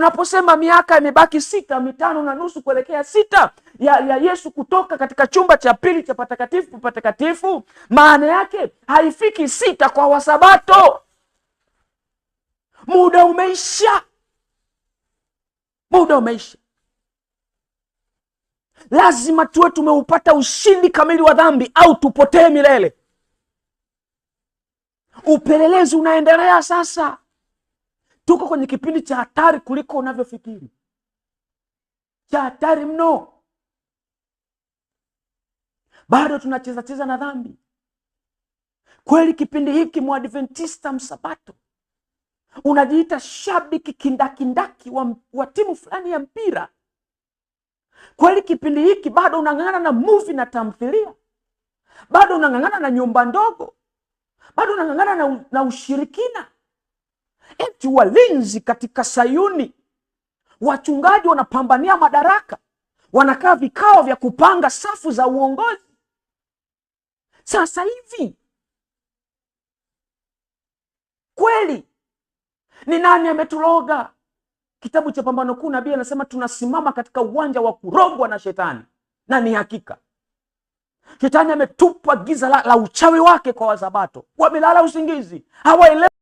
tunaposema miaka imebaki sita mitano na nusu kuelekea sita ya, ya Yesu kutoka katika chumba cha pili cha patakatifu patakatifu, maana yake haifiki sita kwa Wasabato. Muda umeisha, muda umeisha. Lazima tuwe tumeupata ushindi kamili wa dhambi, au tupotee milele. Upelelezi unaendelea sasa Tuko kwenye kipindi cha hatari kuliko unavyofikiri, cha hatari mno. Bado tunacheza cheza na dhambi kweli. Kipindi hiki mwadventista msabato unajiita shabiki kindakindaki wa, wa timu fulani ya mpira kweli. Kipindi hiki bado unang'ang'ana na muvi na tamthilia, bado unang'ang'ana na nyumba ndogo, bado unang'ang'ana na, na ushirikina eti walinzi katika Sayuni, wachungaji wanapambania madaraka, wanakaa vikao vya kupanga safu za uongozi. Sasa hivi kweli ni nani ametuloga? Kitabu cha Pambano Kuu nabii anasema tunasimama katika uwanja wa kurogwa na Shetani, na ni hakika Shetani ametupa giza la, la uchawi wake kwa Wasabato. Wamelala usingizi, hawaelewi.